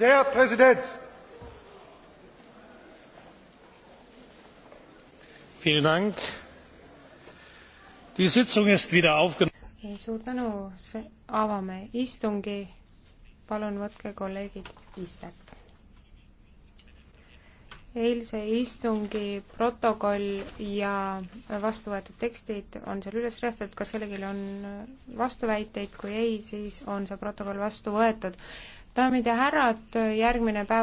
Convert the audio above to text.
Der Präsident! Vielen Dank. Die Sitzung ist wieder aufgenommen. suur tänu, avame istungi. palun võtke kolleegid istet. eilse istungi protokoll ja vastu võetud tekstid on seal üles restatud, kas kellelgi on vastuväiteid, kui ei, siis on see protokoll vastu võetud daamid ja härrad, järgmine päev